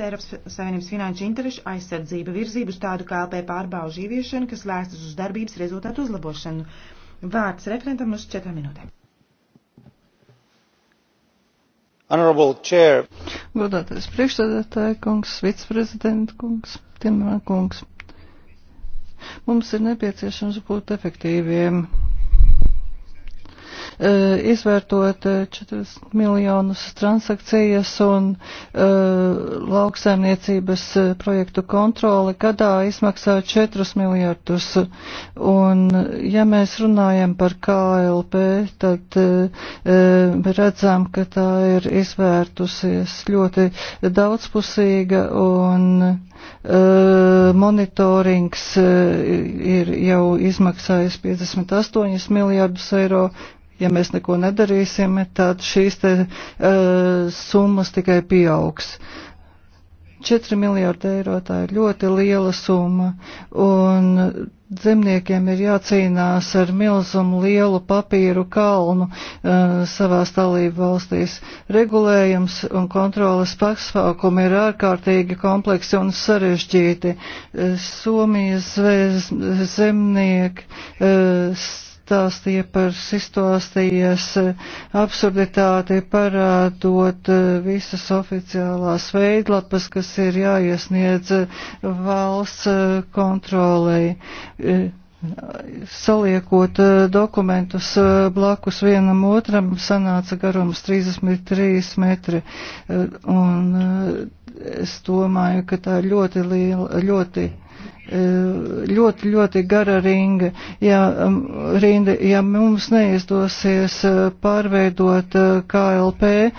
Eiropas Savienības finanšu interešu aizsardzība virzību uz tādu kā LP pārbaužu ieviešanu, kas vēstas uz darbības rezultātu uzlabošanu. Vārds referentam uz četrām minūtēm. Godātais priekšsēdētāja kungs, viceprezidenta kungs, Timmermans kungs. Mums ir nepieciešams būt efektīviem Eh, izvērtot 40 eh, miljonus transakcijas un eh, lauksaimniecības projektu kontroli gadā izmaksā 4 miljardus. Un, ja mēs runājam par KLP, tad redzam, ka tā ir izvērtusies ļoti daudzpusīga un monitorings ir jau izmaksājis 58 miljardus eiro, Ja mēs neko nedarīsim, tad šīs te, uh, summas tikai pieaugs. 4 miljārdi eiro tā ir ļoti liela summa, un zemniekiem ir jācīnās ar milzumu lielu papīru kalnu uh, savās dalību valstīs. Regulējums un kontrolas pasākumi ir ārkārtīgi kompleksi un sarežģīti. Uh, Somijas zvēz, zemnieki uh, stāstīja par situācijas absurditāti, parādot visas oficiālās veidlapas, kas ir jāiesniedz valsts kontrolei saliekot dokumentus blakus vienam otram, sanāca garums 33 metri. Un es domāju, ka tā ir ļoti liela, ļoti ļoti, ļoti gara ringa. Ja, um, rinda, ja mums neizdosies uh, pārveidot uh, KLP, uh,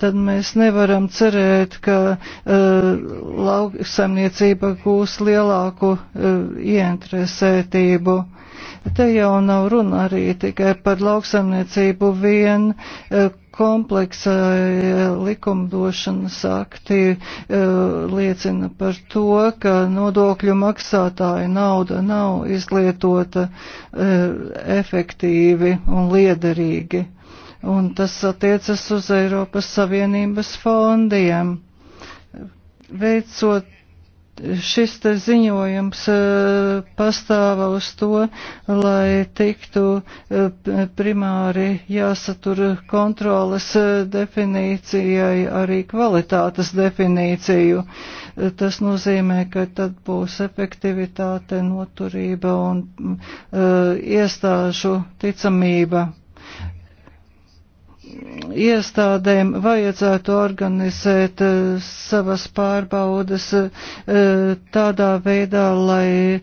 tad mēs nevaram cerēt, ka lauksaimniecība gūs lielāku ieinteresētību. Te jau nav runa arī tikai par lauksaimniecību vien, kompleksai eh, likumdošanas akti eh, liecina par to, ka nodokļu maksātāja nauda nav izlietota eh, efektīvi un liederīgi. Un tas attiecas uz Eiropas Savienības fondiem veicot šis ziņojums e, pastāva uz to, lai tiktu e, primāri jāsatur kontroles e, definīcijai arī kvalitātes definīciju. Tas nozīmē, ka tad būs efektivitāte, noturība un iestāžu ticamība iestādēm vajadzētu organizēt eh, savas pārbaudas eh, tādā veidā, lai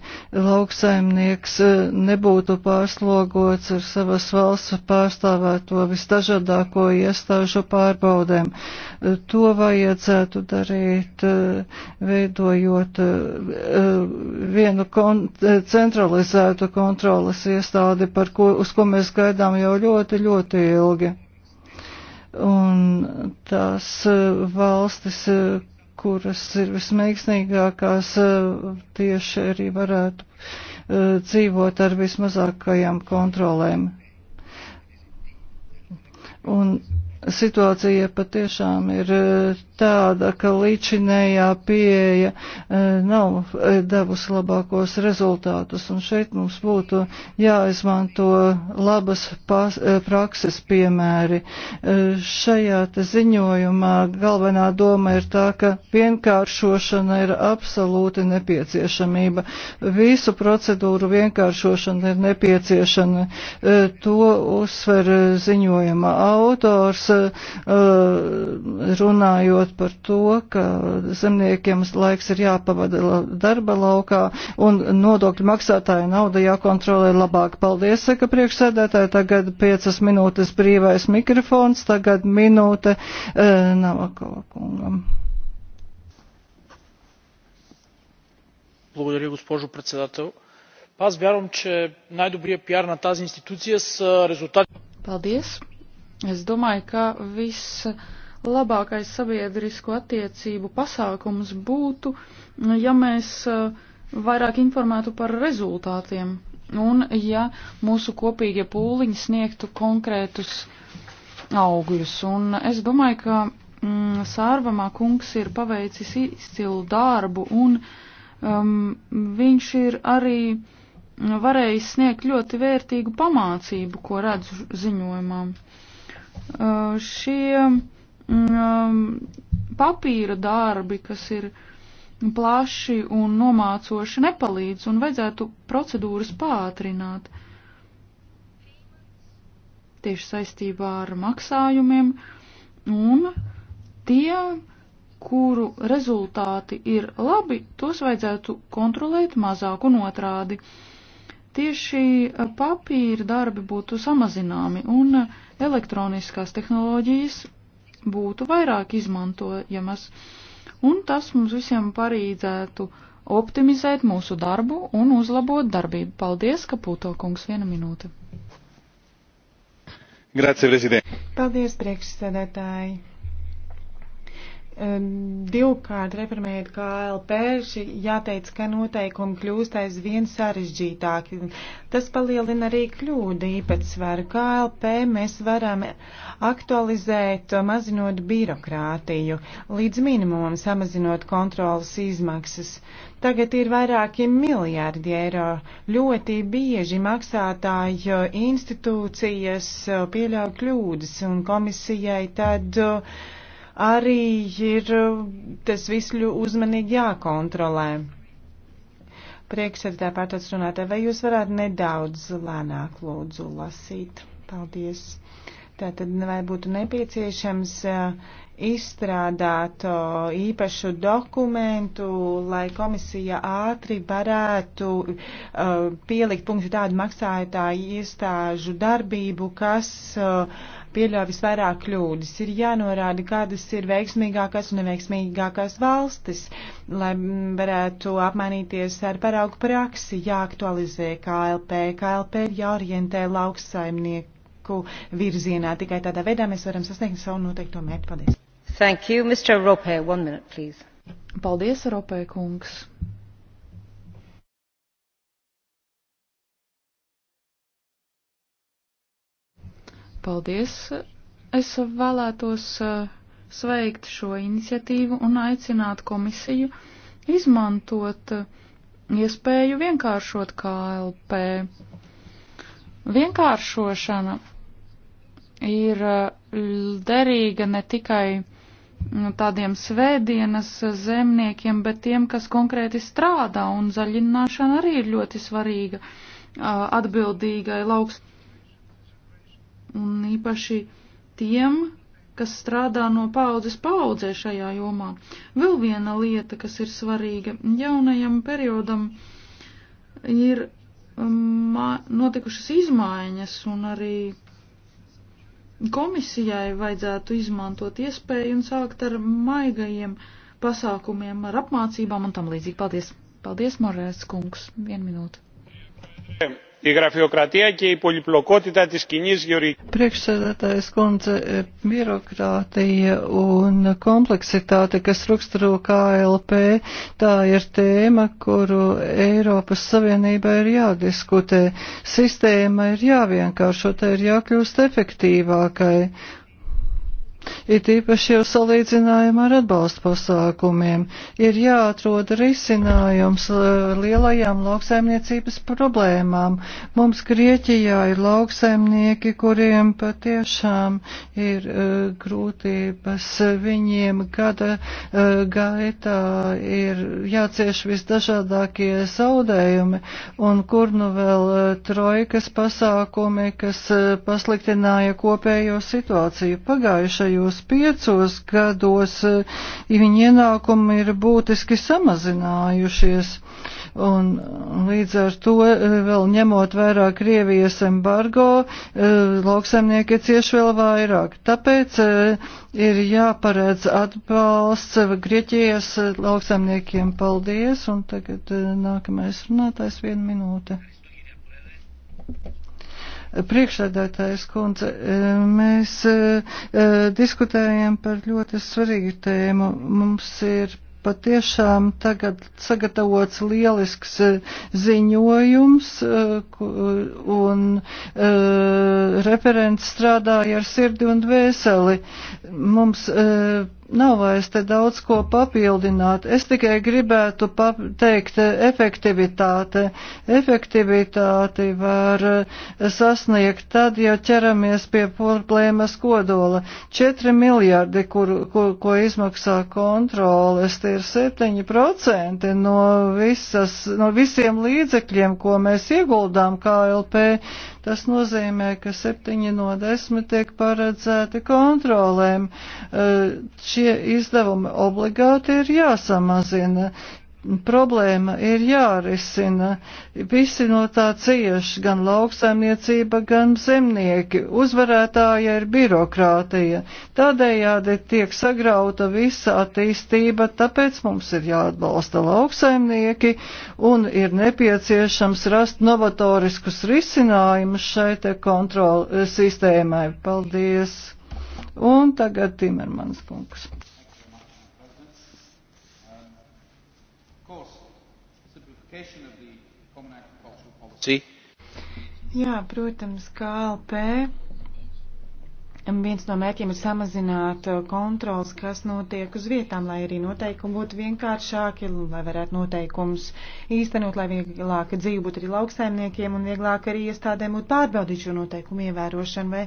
lauksaimnieks eh, nebūtu pārslogots ar savas valsts pārstāvēto visdažādāko iestāžu pārbaudēm. To vajadzētu darīt, veidojot vienu kon centralizētu kontrolas iestādi, par ko, uz ko mēs gaidām jau ļoti, ļoti ilgi un tās eh, valstis, eh, kuras ir vismeiksnīgākās, eh, tieši arī varētu dzīvot ar vismazākajām kontrolēm. Un Situācija patiešām ir e, tāda, ka līdzinējā pieeja e, nav e, devusi labākos rezultātus, un šeit mums būtu jāizmanto labas prakses piemēri. Šajā te ziņojumā galvenā doma ir tā, ka vienkāršošana ir absolūti nepieciešamība. Visu procedūru vienkāršošana ir nepieciešama. To uzsver ziņojuma autors Uh, runājot par to, ka zemniekiem laiks ir jāpavada darba laukā un nodokļu maksātāju nauda jākontrolē labāk. Paldies, saka priekšsēdētāji, tagad piecas minūtes brīvais mikrofons, tagad minūte uh, Navakova kungam. Благодаря, госпожо председател. Аз вярвам, че най-добрият пиар на тази институция са резултатите. Paldies! Es domāju, ka viss labākais sabiedrisko attiecību pasākums būtu, ja mēs eh, vairāk informētu par rezultātiem un ja mūsu kopīgie pūliņi sniegtu konkrētus augļus. Un es domāju, ka mm, Sārvamā kungs ir paveicis izcilu darbu un um, viņš ir arī varējis sniegt ļoti vērtīgu pamācību, ko redzu ziņojumam. Uh, Eh, šie um, papīra darbi, kas ir plaši un nomācoši, nepalīdz un vajadzētu procedūras pātrināt. Tieši saistībā ar maksājumiem un tie, kuru rezultāti ir labi, tos vajadzētu kontrolēt mazāk un otrādi. Uh, Tieši eh, papīra darbi būtu samazināmi un eh, elektroniskās tehnoloģijas būtu vairāk izmantojamas, un tas mums visiem parīdzētu optimizēt mūsu darbu un uzlabot darbību. Paldies, ka pūto kungs viena minūte. Grazie, prezident. Paldies, priekšsēdētāji divkārt reformējot KLP, jāteic, ka noteikumi kļūst aizvien sarežģītāki. Tas palielina arī kļūdu īpatsvaru. KLP mēs varam aktualizēt, mazinot birokrātiju, līdz minimumam samazinot kontrolas izmaksas. Tagad ir vairāki miljārdi eiro. Ļoti bieži maksātāju institūcijas pieļauj kļūdas un komisijai tad uh, arī ir tas viss uzmanīgi jākontrolē. Priekšsēdētāja pārtāds runātāja, vai jūs varētu nedaudz lēnāk lūdzu lasīt? Paldies. Tātad vai būtu nepieciešams izstrādāt īpašu dokumentu, lai komisija ātri varētu pielikt punktu tādu maksātāju iestāžu darbību, kas uh, pieļauj visvairāk kļūdas. Ir jānorāda, kādas ir veiksmīgākās un neveiksmīgākās valstis, lai mm, varētu apmainīties ar paraugu praksi, jāaktualizē KLP. KLP ir jāorientē lauksaimnieku virzienā. Tikai tādā veidā mēs varam sasniegt savu noteikto mērķi. Paldies! Thank you, Mr. Rope. One minute, please. Paldies, Rope kungs. Paldies! Es vēlētos eh, sveikt šo iniciatīvu un aicināt komisiju izmantot eh, iespēju vienkāršot KLP. Vienkāršošana ir eh, derīga ne tikai mm, tādiem svētdienas zemniekiem, bet tiem, kas konkrēti strādā, un zaļināšana arī ir ļoti svarīga atbildīgai lauks un īpaši tiem, kas strādā no paudzes paudzē šajā jomā. Vēl viena lieta, kas ir svarīga jaunajam periodam, ir um, notikušas izmaiņas un arī komisijai vajadzētu izmantot iespēju un sākt ar maigajiem pasākumiem, ar apmācībām un tam līdzīgi. Paldies! Paldies, Morēts kungs! Vienu minūtu! Yeah η γραφειοκρατία και η πολυπλοκότητα της κοινή γεωργικής. Priekšsēdētājs kundze, e, birokrātija un kompleksitāte, kas raksturo KLP, tā ir tēma, kuru Eiropas Savienībai ir jādiskutē. Sistēma ir jāvienkāršo, tā ir jākļūst efektīvākai It īpaši jau salīdzinājumā ar atbalstu pasākumiem ir jāatrod risinājums uh, lielajām lauksaimniecības problēmām. Mums Grieķijā ir lauksaimnieki, kuriem patiešām ir uh, grūtības. Viņiem gada uh, gaitā ir jācieš visdažādākie zaudējumi un kur nu vēl uh, trojkas pasākumi, kas uh, pasliktināja kopējo situāciju pagājušajā pēdējos piecos gados e, viņa ienākumi ir būtiski samazinājušies. Un līdz ar to e, vēl ņemot vērā Krievijas embargo, e, lauksaimnieki cieš vēl vairāk. Tāpēc ir jāparedz atbalsts Grieķijas lauksaimniekiem. Paldies! Un tagad nākamais runātājs viena minūte. Priekšsēdētājs kundze, e, mēs e, e, diskutējam par ļoti svarīgu tēmu. Mums ir patiešām tagad sagatavots lielisks ziņojums, un referents strādāja ar sirdi un dvēseli. Mums nav vairs te daudz ko papildināt. Es tikai gribētu pateikt efektivitāte. Efektivitāti var sasniegt tad, ja ķeramies pie problēmas kodola. 4 miljardi, kur, kur, ko izmaksā kontroles, tie ir 7% no, visas, no visiem līdzekļiem, ko mēs ieguldām KLP. Tas nozīmē, ka 7 no 10 tiek paredzēti kontrolēm. Uh, šie izdevumi obligāti ir jāsamazina, problēma ir jārisina. Visi no tā cieš, gan lauksaimniecība, gan zemnieki. Uzvarētāja ir birokrātija. Tādējādi tiek sagrauta visa attīstība, tāpēc mums ir jāatbalsta lauksaimnieki un ir nepieciešams rast novatoriskus risinājumus šai te kontrol sistēmai. Paldies! Un tagad Timermans kungs. Jā, protams, KLP viens no mērķiem ir samazināt kontrols, kas notiek uz vietām, lai arī noteikumi būtu vienkāršāki, lai varētu noteikumus īstenot, lai vieglāk dzīve būtu arī lauksaimniekiem un vieglāk arī iestādēm būtu pārbaudīt šo noteikumu ievērošanu vai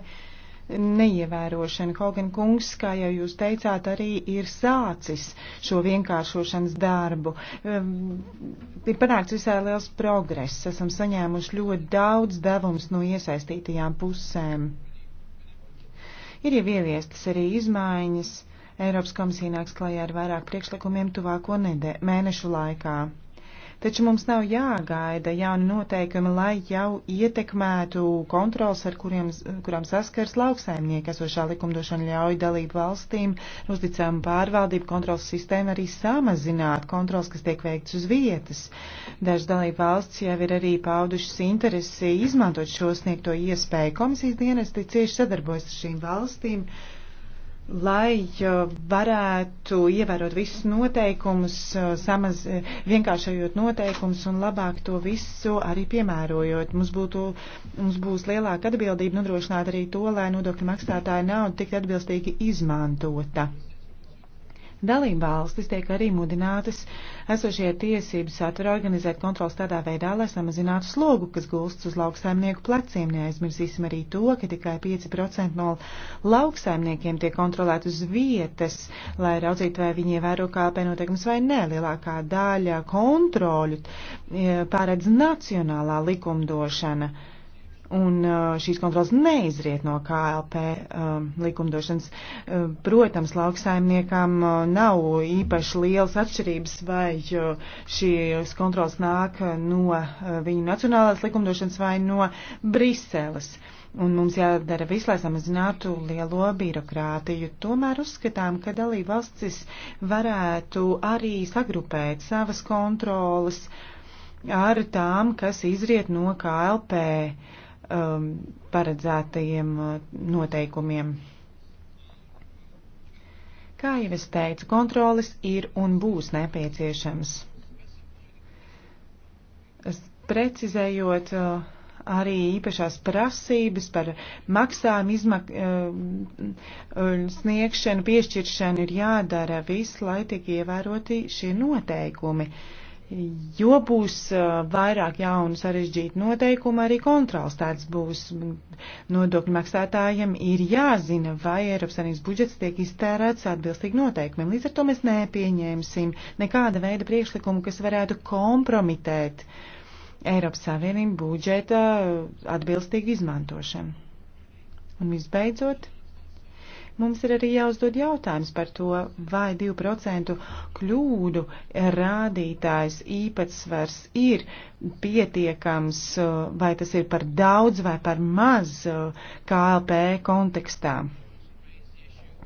neievērošana. Hogan kungs, kā jau jūs teicāt, arī ir sācis šo vienkāršošanas darbu. Ehm, ir panākts visai liels progress. Esam saņēmuši ļoti daudz devums no iesaistītajām pusēm. Ir jau ieviestas arī izmaiņas. Eiropas komisija nāks klajā ar vairāk priekšlikumiem tuvāko nedē, mēnešu laikā. Taču mums nav jāgaida jauni noteikumi, lai jau ietekmētu kontrols, ar kuriem, kurām saskars lauksaimnieki, esošā likumdošana ļauj dalību valstīm, uzticām pārvaldību kontrols sistēmu arī samazināt kontrols, kas tiek veikts uz vietas. Dažas dalību valsts jau ir arī paudušas interesi izmantot šo sniegto iespēju. Komisijas dienesti cieši sadarbojas ar šīm valstīm. Uh, lai uh, varētu ievērot visus noteikumus, uh, samaz, uh, vienkāršajot noteikumus un labāk to visu arī piemērojot. Mums, būtu, mums būs lielāka atbildība nodrošināt arī to, lai nodokļu maksātāja nauda tiktu atbilstīgi izmantota. Dalība valstis tiek arī mudinātas esošie tiesības satura organizēt kontrols tādā veidā, lai samazinātu slogu, kas gulsts uz lauksaimnieku pleciem. Neaizmirsīsim arī to, ka tikai 5% no lauksaimniekiem tiek kontrolēt uz vietas, lai raudzītu, vai viņi ievēro kāpē noteikums vai nē. Lielākā daļa kontroļu eh, pārēdz nacionālā likumdošana. Un uh, šīs kontrols neizriet no KLP um, likumdošanas. Uh, protams, lauksaimniekam uh, nav īpaši lielas atšķirības, vai šīs kontrols nāk no viņu nacionālās likumdošanas vai no Briseles. Un mums jādara viss, lai samazinātu lielo birokrātiju. Tomēr uzskatām, ka dalība valstis varētu arī sagrupēt savas kontrolas ar tām, kas izriet no KLP. Uh, um, paredzētajiem uh, noteikumiem. Kā jau es teicu, kontrolis ir un būs nepieciešams. Es precizējot uh, arī īpašās prasības par maksājumu izmak uh, sniegšanu, piešķiršanu ir jādara viss, lai tik ievēroti šie noteikumi. Uh, jo būs vairāk jaunu sarežģītu noteikumu, arī kontrols tāds būs. Nodokļu maksātājiem ir jāzina, vai Eiropas Savienības budžets tiek iztērēts atbilstīgi noteikumiem. Līdz ar to mēs nepieņēmsim nekāda veida priekšlikumu, kas varētu kompromitēt Eiropas Savienību budžeta atbilstīgu izmantošanu. Un visbeidzot, Mums ir arī jāuzdod jautājums par to, vai 2% kļūdu rādītājs īpatsvars ir pietiekams, uh, vai tas ir par daudz vai par maz uh, KLP kontekstā.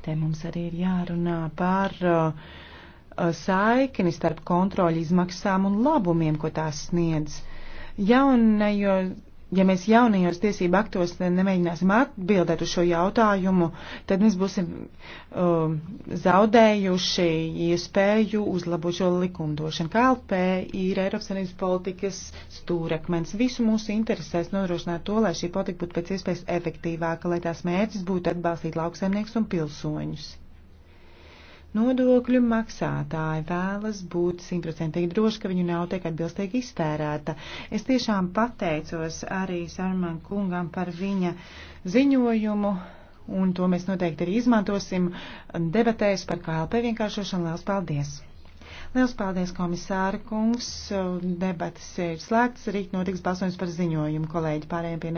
Te mums arī ir jārunā par uh, saikni starp kontroļu izmaksām un labumiem, ko tās sniedz jaunajo ja mēs jaunajos tiesību aktos nemēģināsim atbildēt uz šo jautājumu, tad mēs būsim uh, zaudējuši iespēju uzlabot šo likumdošanu. KLP ir Eiropas Savienības politikas stūrakmens. Visu mūsu interesēs nodrošināt to, lai šī politika būtu pēc iespējas efektīvāka, lai tās mērķis būtu atbalstīt lauksaimnieks un pilsoņus. Nodokļu maksātāji vēlas būt simtprocentīgi droši, ka viņu nauda tiek atbilstīgi iztērēta. Es tiešām pateicos arī Sarman kungam par viņa ziņojumu, un to mēs noteikti arī izmantosim debatēs par KLP vienkāršošanu. Lielas paldies! Lielas paldies, komisāra kungs! Debatas ir slēgts, rīt notiks balsojums par ziņojumu, kolēģi pārējiem pienāk.